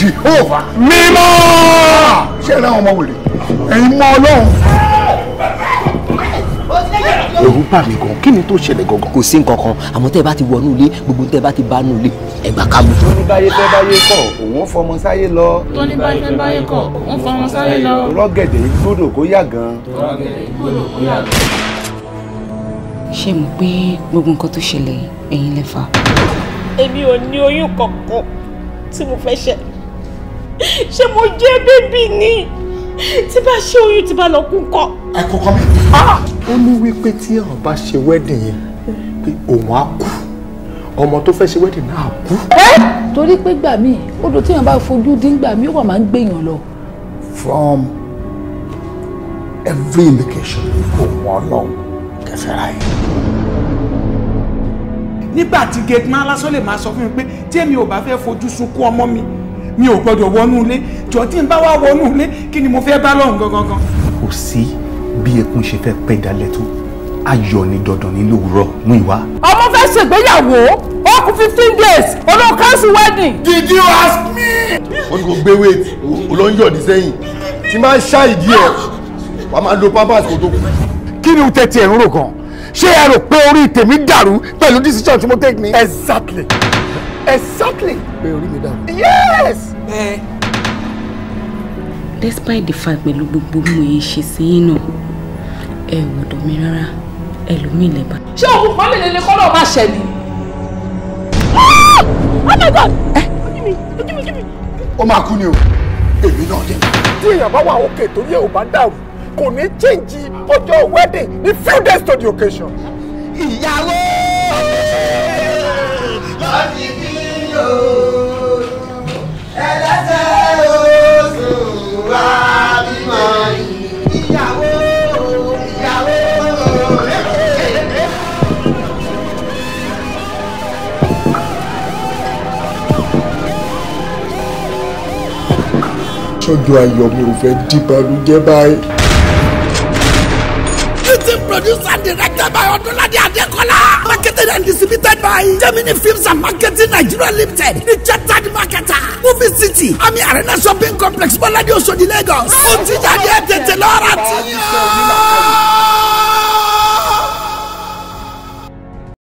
jehova mímọ́ ṣé ẹ láwọn ọmọ wèrè ẹ̀yin mọ ọlọ́run. ẹ̀rù bà mí gan kí ni tó ṣẹlẹ̀ gangan. kò sí nǹkan kan àmọ́ tẹ́ ẹ bá ti wọnú ilé gbogbo tẹ́ ẹ bá ti bá nú ilé ẹ gbà ká mú. tóníbáyé tẹ́ báyé kọ̀ òun fọmọ sáyé lọ. tóníbáyé tẹ́ báyé kọ̀ òun fọmọ sáyé lọ. rọ́gẹ̀dẹ̀ gbọ́dọ̀ kó yà gan. rọ́gẹ̀dẹ̀ gbọ́dọ̀ kó yà gan. ṣé mo pé gbogbo nǹkan tó ṣẹlẹ̀ ẹ̀yin lẹ fà. èmi ò ní oyún kankan tí mo fẹ́ ṣe ṣé mo jẹ́ bébì ni tí bá ṣe oyún tí bá lọ kú kọ. ẹ kọkọ mi. Ah! ó ní wípé tí àwọn bá ṣe wedding yẹn pé òun á kú ọmọ tó fẹ́ ṣe wedding náà kú. torí pé gbà mí odò tí èèyàn bá fojú dín gbà mí ó wà máa ń gbèyàn lọ. from every indication òun ọlọ́run kẹfẹ́ra yìí. nígbà tí gate man lásán lè máa sọ fún mi pé tí èmi ò bá fẹ́ fojú sunkún ọmọ mi mi ò gbọdọ̀ wọnú ilé jọ tí n bá wá wọnú ilé kí ni mo fẹ́ bá lọ́hùn gangan. kò sí bí ẹkún ṣe fẹ́ pẹ́ dalẹ̀ tó ayọ̀ ni dandan ní lówùúrọ̀ mú ìwá. ọmọ fẹ́ ṣègbéyàwó ó kù fifteen days olóò cancel wedding. did you ask me. wọ́n ti kò gbé wait olóńyọ̀ ní sẹ́yìn tí máa ń ṣá ìdí ẹ̀ wàá máa lo pampers kó tó kù. kí ni o tẹ̀tí ẹ̀ ń rò gan ṣé ẹ rò pé orí tèmi dàrú pẹ̀lú decision tí mo take ni. exactly exactly pé orí mi dàrú. yes. despite the fact pẹ̀lú gbogbo mo yìí ṣe sí yín náà ẹ wò dọ̀ mi rárá ẹlòmíì lẹ́bàá. ṣé òun kọ́ lè lè kọ́ máa ṣẹ̀ ni. Ah! oh my god. ẹ ojú mi ojú mi ojú mi. ó máa kú ni o èmi náà dé. tí èèyàn bá wà òkè torí ẹ ò bá dàrú kò ní change ọjọ́ wedding ní few days to the occasion. ìyàwó ṣọ́jọ́ ayọ̀ mi báyìí. Written, produced and directed by Odunlade Adekola. Marketed and distributed by Germany Films and Marketing Nigeria Limited. The Chattered Marketer. Movie City. Army Arena Shopping Complex. Bọ́ládé Oṣodi Lagos. Ó ti jáde ẹ̀ tètè lọ́ra tí.